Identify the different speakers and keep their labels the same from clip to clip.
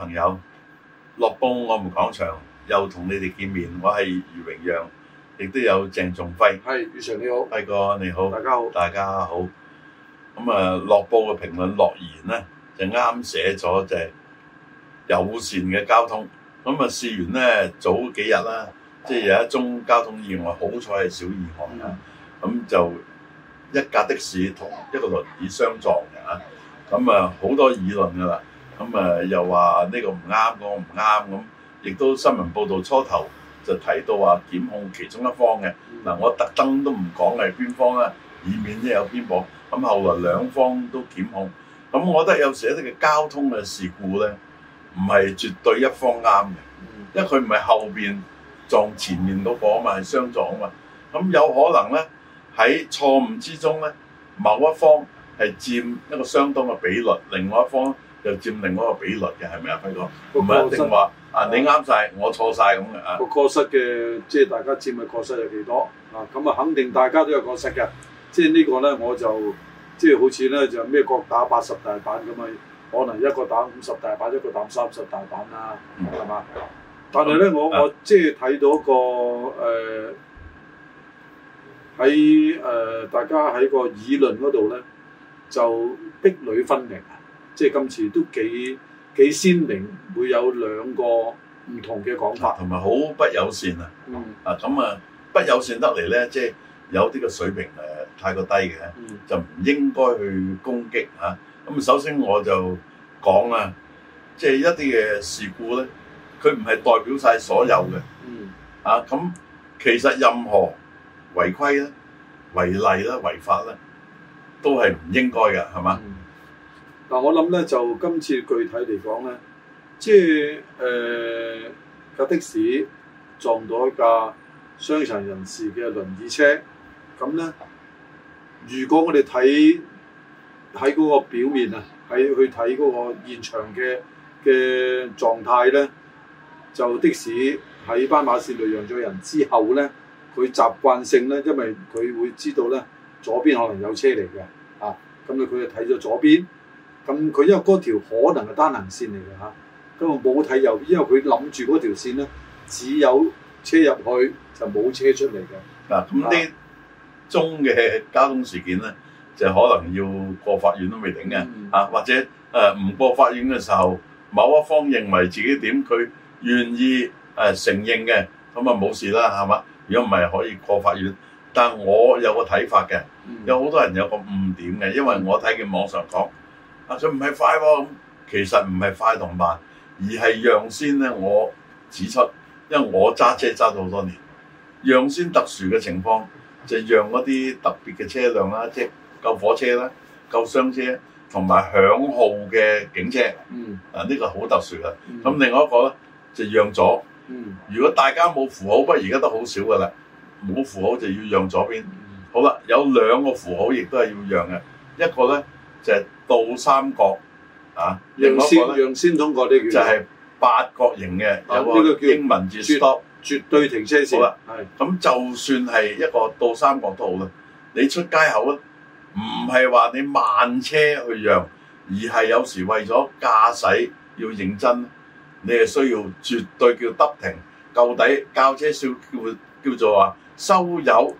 Speaker 1: 朋友，樂報我們講場，又同你哋見面。我係余榮陽，亦都有鄭仲輝。係，余常你好，係哥，你好，大家好，大家好。咁啊，樂報嘅評論落言呢，就啱寫咗就係友善嘅交通。咁啊，試完呢早幾日啦，即係有一宗交通意外，好彩係小意外啦。咁、嗯、就一架的士同一個輪椅相撞嘅嚇，咁啊好多議論噶啦。咁啊，又話呢個唔啱，嗰個唔啱咁，亦都新聞報道初頭就提到話檢控其中一方嘅。嗱，我特登都唔講係邊方啦，以免咧有偏頗。咁後來兩方都檢控，咁我覺得有時咧嘅交通嘅事故咧，唔係絕對一方啱嘅，因為佢唔係後邊撞前面嗰個啊嘛，係相撞啊嘛。咁有可能咧喺錯誤之中咧，某一方係佔一個相當嘅比率，另外一方。就佔另嗰個比率嘅係咪啊？輝哥唔係一定話我啊，你啱
Speaker 2: 晒，我錯晒。咁嘅啊。個過失嘅即係大家佔嘅過失有幾多啊？咁啊，肯定大家都有過失嘅。嗯、即係呢個咧，我就即係好似咧，就咩各打八十大板咁啊。可能一個打五十大板，一個打三十大板啦，係嘛？但係咧，我、嗯、我即係睇到個誒喺誒大家喺個議論嗰度咧，就壁壘分明。即係今次都幾幾鮮明，會有兩個
Speaker 1: 唔同嘅講法，同埋好不友善啊！啊咁啊，不友善得嚟咧，即係有啲嘅水平誒太過低嘅，就唔應該去攻擊啊。咁首先我就講啊，即係一啲嘅事故咧，佢唔係代表晒所有
Speaker 2: 嘅。
Speaker 1: 啊咁，其實任何違規啦、違例啦、違法啦，都係唔應該嘅，係嘛？
Speaker 2: 嗱，我諗咧就今次具體嚟講咧，即係誒架的士撞到一架傷殘人士嘅輪椅車，咁咧如果我哋睇喺嗰個表面啊，喺去睇嗰個現場嘅嘅狀態咧，就的士喺斑馬線度讓咗人之後咧，佢習慣性咧，因為佢會知道咧左邊可能有車嚟嘅，啊，咁咧佢就睇咗左邊。咁佢因為嗰條可能係單行線嚟嘅嚇，咁我冇睇，又因為佢諗住嗰條線咧，只有車入去就冇車出嚟嘅。嗱咁呢
Speaker 1: 宗嘅交通事件咧，就可能要過法院都未定嘅。嗯、啊，或者誒唔、呃、過法院嘅時候，某一方認為自己點，佢願意誒、呃、承認嘅，咁啊冇事啦，係嘛？如果唔係可以過法院。但係我有個睇法嘅，有好多人有個誤點嘅，因為我睇見網上講。阿唔係快喎，其實唔係快同慢，而係讓先咧。我指出，因為我揸車揸咗好多年，讓先特殊嘅情況就讓嗰啲特別嘅車輛啦，即係救火車啦、救傷車同埋響號嘅警車。嗯，啊呢個好特殊嘅。咁、嗯、另外一個咧就讓咗。嗯，如果大家冇符號，不過而家都好少噶啦，冇符號就要讓左邊。好啦，有兩個符號亦都係要讓嘅，一個咧。就係倒三角啊，讓先讓先通過啲叫。就係八角形嘅，有個叫英文字 stop，絕對停車線。好啦，咁就算係一個倒三角都好啦。你出街口呢，唔係話你慢車去讓，而係有時為咗駕駛要認真，你係需要絕對叫得停。到底教車少叫叫做話收油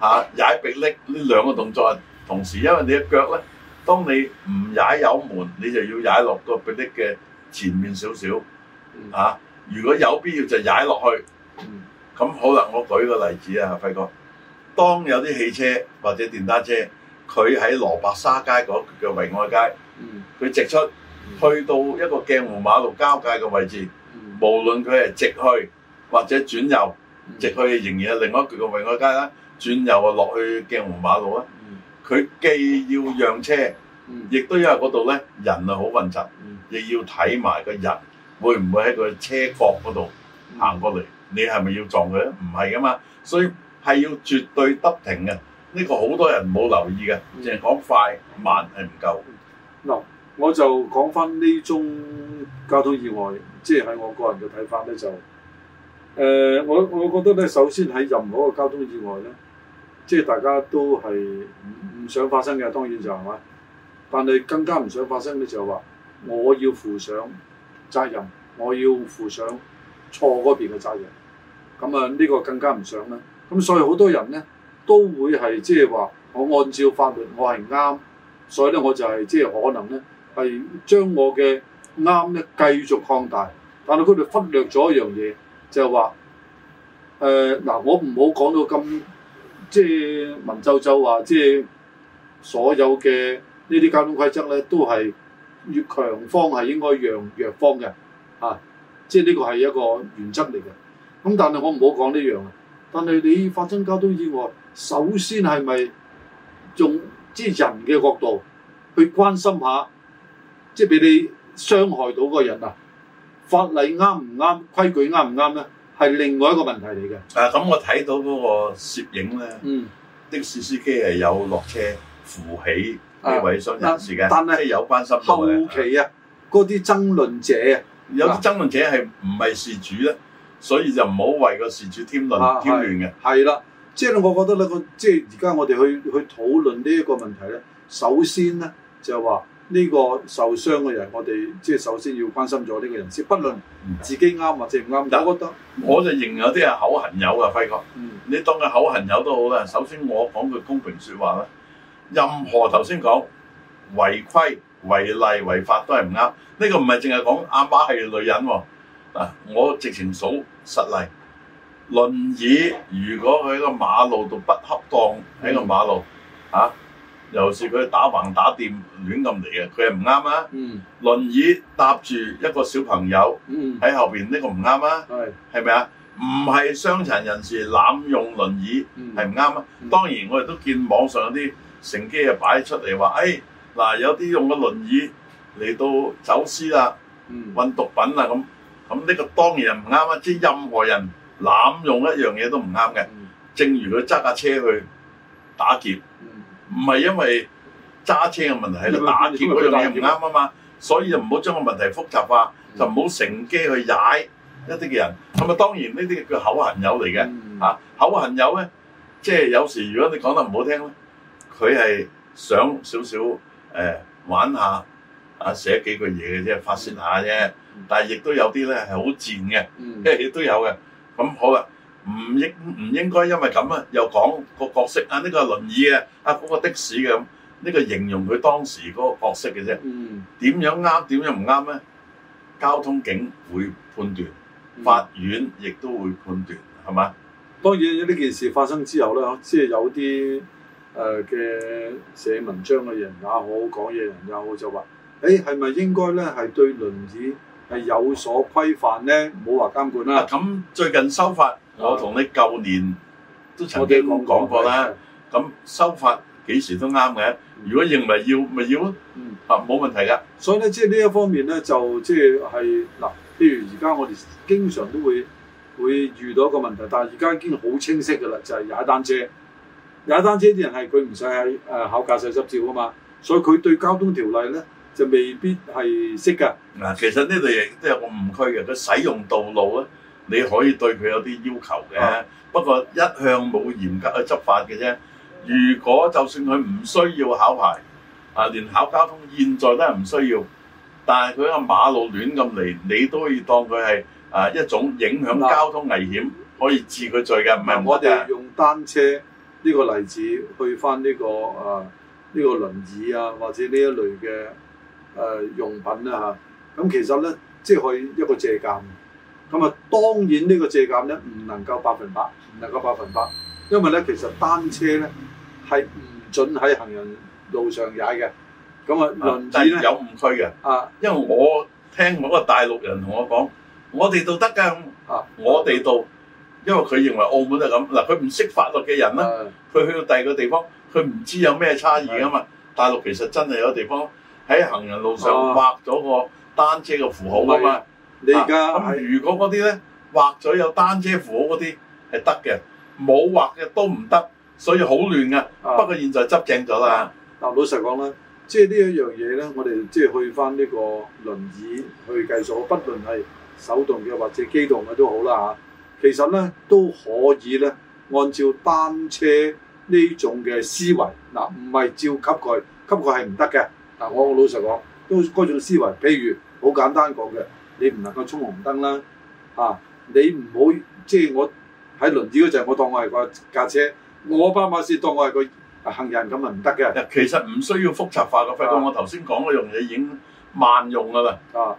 Speaker 1: 啊，踩迫力呢兩個動作同時，因為你嘅腳咧。當你唔踩油門，你就要踩落個別啲嘅前面少少吓。如果有必要就踩落去。咁好啦，我舉個例子啊，輝哥。當有啲汽車或者電單車，佢喺羅白沙街嗰個嘅維愛街，佢直出去到一個鏡湖馬路交界嘅位置，無論佢係直去或者轉右，直去仍然係另外一個嘅維愛街啦，轉右啊落去鏡湖馬路啊。佢既要讓車。亦都因為嗰度咧，嗯、人啊好混雜，亦、嗯、要睇埋個人會唔會喺個車角嗰度行過嚟，嗯、你係咪要撞佢咧？唔係噶嘛，所以係要絕對得
Speaker 2: 停嘅。呢、呢個好多人冇留意嘅，淨係講快慢係唔夠。嗱、嗯，我就講翻呢宗交通意外，即係喺我個人嘅睇法咧，就誒、呃、我我覺得咧，首先喺任何一個交通意外咧，即、就、係、係、大家都係唔唔想發生嘅，當然就係、係、嘛。但係更加唔想發生嘅就係話，我要負上責任，我要負上錯嗰邊嘅責任。咁啊，呢個更加唔想啦。咁所以好多人咧都會係即係話，我按照法律我係啱，所以咧我就係即係可能咧係將我嘅啱咧繼續擴大，但係佢哋忽略咗一樣嘢、呃，就係、係、話、啊，誒嗱，我唔好講到咁即係文縐縐話，即係所有嘅。呢啲交通規則咧，都係越強方係應該讓弱方嘅，啊，即係呢個係一個原則嚟嘅。咁但係我唔好講呢樣啊。但係你發生交通意外，首先係咪用即係人嘅角度去關心下，即係俾你傷害到個人啊？法例啱唔啱，規矩啱唔啱咧？係另外一個問題嚟嘅。誒、啊，咁我睇到嗰個攝影咧，嗯，
Speaker 1: 的士司機係有落車扶起。呢位傷人人士嘅，但係有關心到期啊，嗰啲、啊、爭論者啊，有啲爭論者係唔係事主
Speaker 2: 咧，所以就唔好為個事主添亂、啊啊、添亂嘅。係啦，即、就、係、是、我覺得咧，個即係而家我哋去去討論呢一個問題咧，首先咧就話呢個受傷嘅人，我哋即係首先要關心咗呢個人先，不論自己啱或者唔啱。嗯、我覺得、嗯、我就認有啲係口痕友噶輝哥，嗯、你當佢口痕友都好啦。首
Speaker 1: 先我講句公平説話啦。任何頭先講違規違例違法都係唔啱，呢、這個唔係淨係講阿媽係女人喎。嗱，我直情數實例，輪椅如果佢喺個馬路度不恰當喺、嗯、個馬路啊，又是佢打橫打掂亂咁嚟嘅，佢係唔啱啊。輪、嗯、椅搭住一個小朋友喺、嗯、後邊，呢個唔啱啊。係咪啊？唔係傷殘人士濫用輪椅係唔啱啊。當然我哋都見網上有啲。乘機啊，擺出嚟話，誒嗱，有啲用個輪椅嚟到走私啦，運毒品啦咁，咁呢個當然唔啱啊！即係任何人濫用一樣嘢都唔啱嘅。正如佢揸架車去打劫，唔係因為揸車嘅問題，係度、嗯、打劫嗰樣嘢唔啱啊嘛。嗯、所以就唔好將個問題複雜化，就唔好乘機去踩一啲嘅人。咁啊，當然呢啲叫口痕友嚟嘅嚇，口痕友咧，即係有時如果你講得唔好聽咧。佢係想少少誒玩下啊，寫幾句嘢嘅啫，發泄下啫。但係亦都有啲咧係好賤嘅，即係亦都有嘅。咁好啦，唔應唔應該因為咁啊？又講個角色啊？呢個輪椅嘅啊，嗰個的士嘅，咁呢個形容佢當時嗰個角色嘅啫。點樣啱？點樣唔啱咧？交通警會判斷，法
Speaker 2: 院亦都會判斷，係嘛？當然呢件事發生之後咧，即係有啲。誒嘅寫文章嘅人也好，講人也好講嘢人也好，我就話：誒係咪應該咧係對輪椅係有所規範咧？唔好話監管啦。咁、嗯嗯、最近修法，嗯、我同你舊年都曾經、嗯、講,講,講過啦。
Speaker 1: 咁修、嗯、法幾時都啱嘅。如果認為要，咪要咯、嗯。嗯，啊冇問
Speaker 2: 題嘅。所以咧，即係呢一方面咧，就即係係嗱，譬如而家我哋經常都會會遇到一個問題，但係而家已經好清晰嘅啦，就係、是、踩單車。踩單車啲人係佢唔使喺誒考駕駛執照啊嘛，所以佢對交通條例咧就未必係識嘅。嗱，其實呢度亦都有個誤區嘅，佢使用道路咧，
Speaker 1: 你可以對佢有啲要求嘅。啊、不過一向冇嚴格去執法嘅啫。如果就算佢唔需要考牌，啊，連考交通現在都係唔需要，但係佢個馬路亂咁嚟，你都可以當佢係啊一種
Speaker 2: 影響交通危險，嗯、可以治佢罪嘅。唔係、嗯啊、我哋用單車。呢個例子去翻呢、這個啊呢、這個輪椅啊或者呢一類嘅誒、啊、用品啦、啊、嚇，咁其實咧即係可以一個借鑑咁啊，當然呢個借鑑咧唔能夠百分百，唔能夠百分百，因為咧其實單車咧係唔准喺行人路上踩嘅。咁啊輪子咧有誤區嘅啊，因為我聽某個大陸人同我講，我哋都得㗎啊，嗯、
Speaker 1: 我哋都。因為佢認為澳門係咁嗱，佢唔識法律嘅人咧，佢的去到第二個地方，佢唔知有咩差異啊嘛。的大陸其實真係有地方喺行人路上畫咗個單車嘅符號啊嘛。的啊你而家咁如果嗰啲咧畫咗有單車符號嗰啲係得嘅，冇畫嘅都唔得，所以好
Speaker 2: 亂㗎。的不過現在執正咗啦。嗱，老實講啦，即係呢一樣嘢咧，我哋即係去返呢個輪椅去計數，不論係手動嘅或者機動嘅都好啦嚇。其實咧都可以咧，按照單車呢種嘅思維，嗱唔係照給佢，給佢係唔得嘅。嗱、呃、我老實講，都嗰種思維。譬如好簡單講嘅，你唔能夠衝紅燈啦，啊，你唔好即係我喺輪子嗰陣，我當我係個架車，我斑馬線當我係個行人咁啊，唔得嘅。其實唔需要複雜化嘅，不過、啊、我頭先講嗰樣嘢已經萬用噶啦。啊，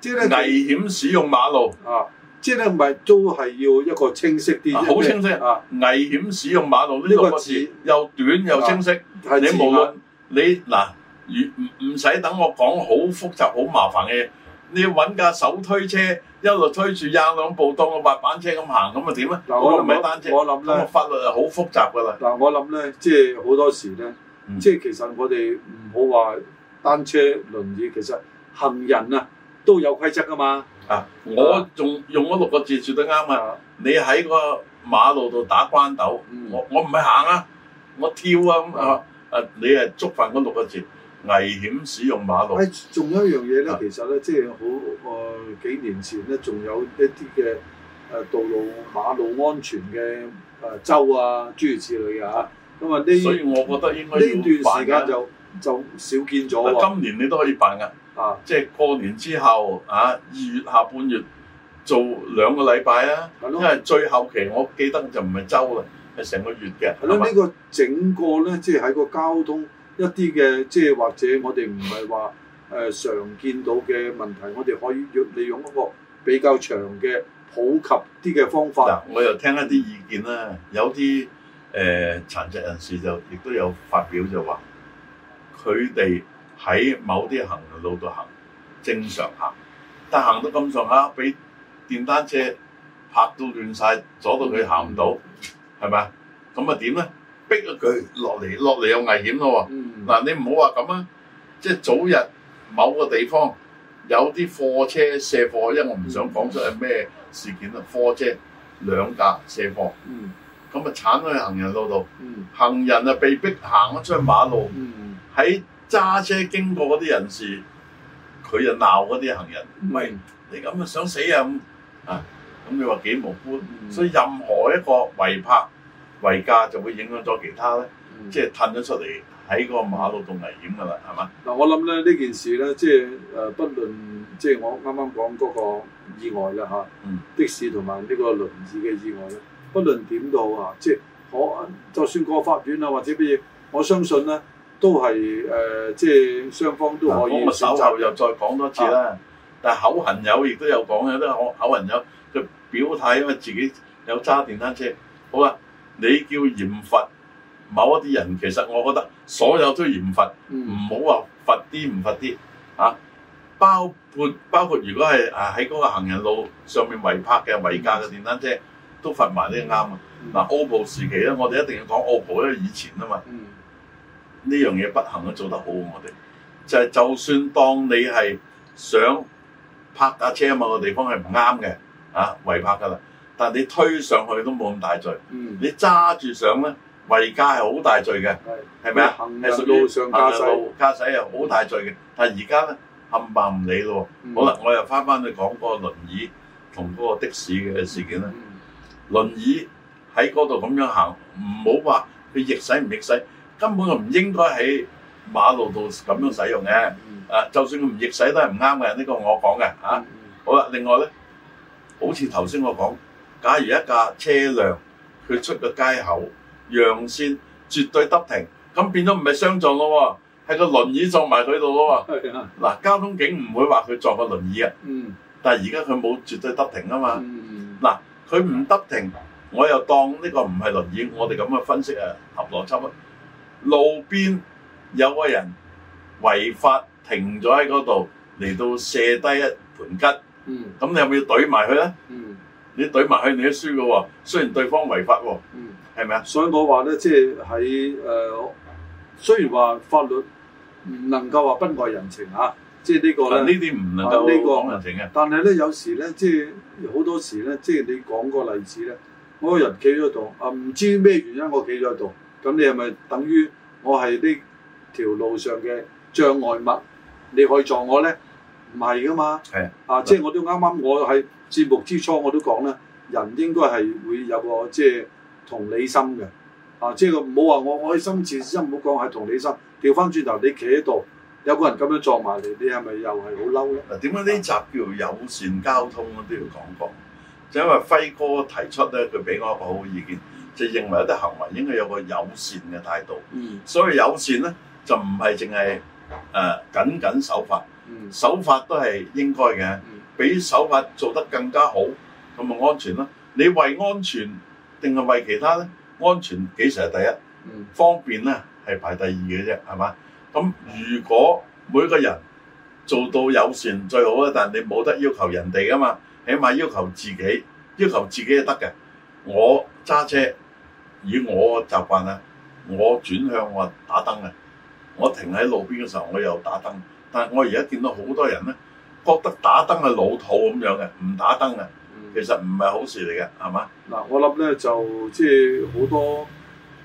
Speaker 2: 即係咧，危險使用馬路。啊。啊即係係咪都係要一個清晰啲，好清晰啊！危險使用馬路呢個字
Speaker 1: 又短又清晰。係你無論你嗱，唔唔使等我講好複雜好麻煩嘅嘢，你要揾架手推車一路推住呀兩步
Speaker 2: 當個滑板車咁行，咁啊點啊？我諗我諗法律係好複雜噶啦。嗱，我諗咧，即係好多時咧，即係其實我哋唔好話單車、輪椅，其實行人啊都有規則噶嘛。啊！我仲用嗰六個
Speaker 1: 字説得啱啊！你喺個馬路度打關斗，我我唔係行啊，我跳啊咁啊！誒、啊，你係觸犯嗰六個字，危險使用馬路。
Speaker 2: 誒，仲有一樣嘢咧，其實咧，即、就、係、是、好誒、呃、幾年前咧，仲有一啲嘅誒道路馬路安全嘅誒周啊諸如此類嘅嚇。咁啊，呢、啊、呢段時間就就少見咗喎、啊。今年你都可以
Speaker 1: 辦噶。啊！即係過年之後啊，二月下半月做兩個禮拜啦，的因為最後期我記得就唔係周啦，係成個月嘅。係咯，呢個
Speaker 2: 整個咧，即係喺個交通一啲嘅，即係或者我哋唔係話誒常見到嘅問題，我哋可以用利用一個比較長嘅普及啲嘅方法。我又聽一啲意見啦，有啲
Speaker 1: 誒殘疾人士就亦都有發表就話，佢哋。喺某啲行人路度行正常行，但行到咁上下，俾電單車拍到亂晒，阻到佢行唔到，係咪啊？咁啊點咧？逼咗佢落嚟，落嚟又危險咯喎！嗱、嗯，你唔好話咁啊，即係早日某個地方有啲貨車卸貨，因為我唔想講出係咩事件啦。貨車兩架卸貨，咁啊鏟咗去行人路度，嗯、行人啊被逼行咗出馬路，喺、嗯、～揸車經過嗰啲人士，佢就鬧嗰啲行人。唔係、嗯、你咁啊，想死啊！啊，咁你話幾無辜。嗯，所以任何一個違拍違駕，就會影響咗其他咧，即係褪咗出嚟喺個馬路度危險噶啦，係嘛？
Speaker 2: 嗱，我諗咧呢件事咧，即係誒、呃，不論即係我啱啱講嗰個意外啦吓，啊嗯、的士同埋呢個輪椅嘅意外咧，不論點都好啊，即係可就算過法院啊，或者乜嘢，我相信咧。都係誒、呃，即係雙方都可以。我稍後又再講多次啦。啊、但係口痕友亦都有講，有啲口痕友就
Speaker 1: 表態，因為自己有揸電單車。好、嗯嗯、啊，你叫嚴罰某一啲人，其實我覺得所有都嚴罰，唔好話罰啲唔罰啲嚇。包括包括，如果係啊喺嗰個行人路上面違泊嘅、違駕嘅電單車，都罰埋呢啱啊。嗱，OPPO 時期咧，我哋一定要講 OPPO，因為以前啊嘛。嗯呢樣嘢不幸都做得好，我哋就係就算當你係想泊架車某個地方係唔啱嘅，啊違泊㗎啦，但係你推上去都冇咁大罪。嗯、你揸住上咧違駕係好大罪嘅，係咪啊？係屬於路上駕駛，駕駛又好大罪嘅。嗯、但係而家咧冚唪唥唔理咯。嗯、好啦，我又翻翻去講嗰個輪椅同嗰個的士嘅事件啦。輪、嗯嗯、椅喺嗰度咁樣行，唔好話佢逆駛唔逆駛。根本就唔應該喺馬路度咁樣使用嘅。誒，就算佢唔逆駛都係唔啱嘅，呢個我講嘅嚇。好啦，另外咧，好似頭先我講，假如一架車輛佢出個街口讓線，絕對得停，咁變咗唔係相撞咯喎，係個輪椅撞埋佢度咯喎。嗱，交通警唔會話佢撞個輪椅啊。嗯。但係而家佢冇絕對得停啊嘛。嗯嗯。嗱，佢唔得停，我又當呢個唔係輪椅，我哋咁嘅分析啊，合邏輯啊。路邊有個人違法停咗喺嗰度，嚟到卸低一盤吉，咁、嗯、你有冇要懟埋佢咧？
Speaker 2: 嗯、你懟埋佢，你都輸噶喎。雖然對方違法、哦，係咪啊？是是所以我話咧，即係喺誒，雖然話法律唔能夠話不礙人情吓、啊，即係呢、這個咧呢啲唔能夠講人情嘅。啊這個、但係咧，有時咧，即係好多時咧，即係你講個例子咧，我個人企咗度，啊，唔知咩原因我企咗度。咁你係咪等於我係呢條路上嘅障礙物？你可以撞我咧？唔係噶嘛？係的啊！的即係我都啱啱我喺節目之初我都講咧，人應該係會有個即係同理心嘅。啊！即係唔好話我我心慈善，唔好講係同理心。調翻轉頭，你企喺度，有個人咁樣撞埋嚟，你係咪又係好嬲咧？點解呢集叫友善交通啊？都要講講，就
Speaker 1: 因為輝哥提出咧，佢俾我一個好意見。就認為一啲行為應該有個友善嘅態度，所以友善咧就唔係淨係誒僅僅守法，守法都係應該嘅，比守法做得更加好咁咪安全咯。你為安全定係為其他咧？安全幾時係第一？方便咧係排第二嘅啫，係嘛？咁如果每個人做到友善最好啦，但係你冇得要求人哋噶嘛，起碼要求自己，要求自己係得嘅。我揸車。以我嘅習慣啊，我轉向我打燈啊，我停喺路邊嘅時候我又打燈。但係我而家見到好多人咧，覺得打燈係老土咁樣嘅，唔打燈嘅，其實唔係
Speaker 2: 好事嚟嘅，係嘛？嗱、嗯，我諗咧就即係好多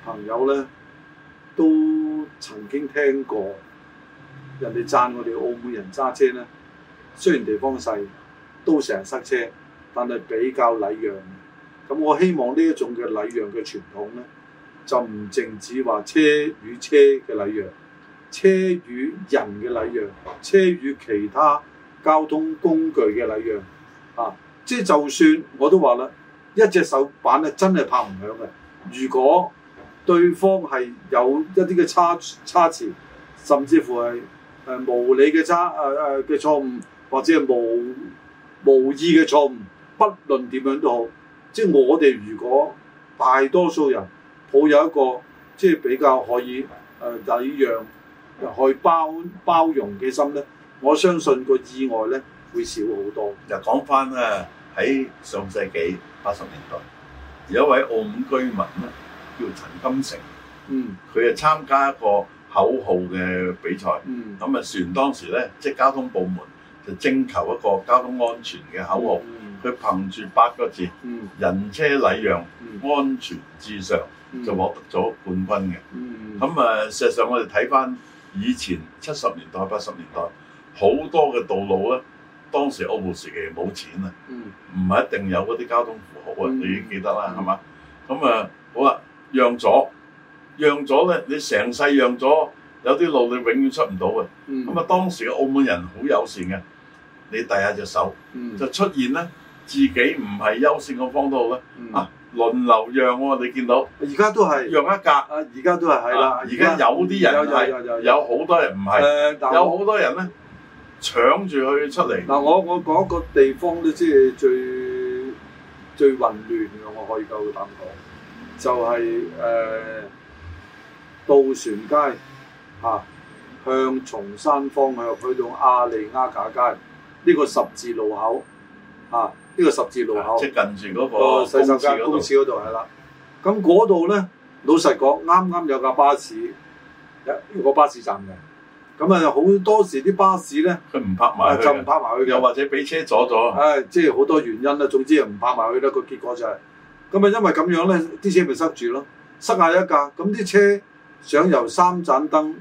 Speaker 2: 朋友咧都曾經聽過人哋讚我哋澳門人揸車咧，雖然地方細，都成日塞車，但係比較禮讓。咁我希望呢一種嘅禮讓嘅傳統咧，就唔淨止話車與車嘅禮讓，車與人嘅禮讓，車與其他交通工具嘅禮讓，啊！即係就算我都話啦，一隻手板係真係拍唔響嘅。如果對方係有一啲嘅差差池，甚至乎係誒、呃、無理嘅差誒誒嘅錯誤，或者係無無意嘅錯誤，不論點樣都好。即係我哋如果大多數人抱有一個即係比較可以誒禮讓、可以包包容嘅心咧，我相信個意外咧會少好多。又講翻咧，喺上世紀
Speaker 1: 八十年代，有一位澳門居民咧叫陳金成，嗯，佢係參加一個口號嘅比賽，嗯，咁啊船當時咧即係交通部門就徵求一個交通安全嘅口號。嗯嗯佢憑住八個字，人車禮讓，安全至上，就獲得咗冠軍嘅。咁啊，事實上我哋睇翻以前七十年代八十年代好多嘅道路咧，當時澳葡時期冇錢啊，唔係一定有嗰啲交通符號啊，你已經記得啦，係嘛？咁啊，好啦，讓咗，讓咗咧，你成世讓咗，有啲路你永遠出唔到嘅。咁啊，當時嘅澳門人好友善嘅，你遞下隻手，就出現咧。自己唔係優勝嘅方都好咧，嗯、啊，輪流讓喎、啊，你見到而家都係讓一格啊，而家都係係啦，而家、啊、有啲人有好有多
Speaker 2: 人唔係，呃、但有好多人咧搶住去出嚟。嗱、呃，我我講個地方都即係最最混亂嘅，我可以夠膽講，就係誒渡船街嚇、啊、向松山方向去到亞利亞架街呢、呢個十字路口嚇。啊啊呢個十字路口，即近住嗰個細十間公司嗰度係啦。咁嗰度咧，老實講，啱啱有架巴士，有個巴士站嘅。咁啊，好多時啲巴士咧，佢唔泊埋，就唔泊埋去，又或者俾車阻咗。唉、哎，即係好多原因啦。總之啊，唔泊埋去啦。個結果就係、是，咁啊，因為咁樣咧，啲車咪塞住咯。塞下一架，咁啲車想由三盞燈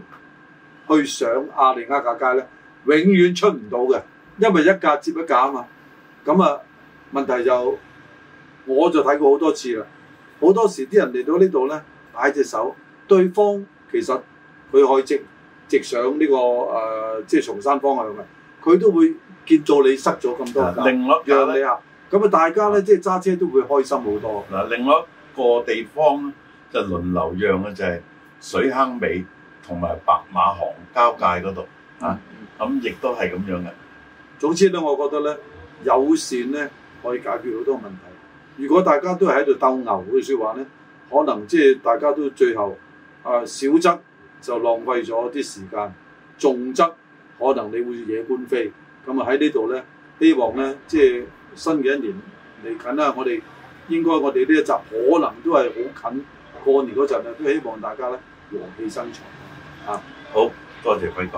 Speaker 2: 去上亞利鴉架街咧，永遠出唔到嘅，因為一架接一架啊嘛。咁啊～問題就我就睇過好多次啦，好多時啲人嚟到呢度咧，擺隻手，對方其實佢可以直直上呢、呢個誒、呃、即係松山方向嘅，佢都會見到你塞咗咁多架，另一讓你啊，咁啊，大家咧，即係揸車都會開心好多。
Speaker 1: 嗱、啊，另外一個地方呢就係、輪流讓嘅就係水坑尾同埋白馬行交界嗰度，嚇，咁亦都係咁樣
Speaker 2: 嘅。總之咧，我覺得咧，友善咧。可以解決好多問題。如果大家都係喺度鬥牛嗰啲説話咧，可能即係大家都最後啊，少則就浪費咗啲時間，重則可能你會惹官非。咁啊喺呢度咧，希望咧即係新嘅一年嚟緊啦，我哋應該我哋呢一集可能都係好近過年嗰陣啊，都希望大家咧和氣生財啊！好，多謝各位。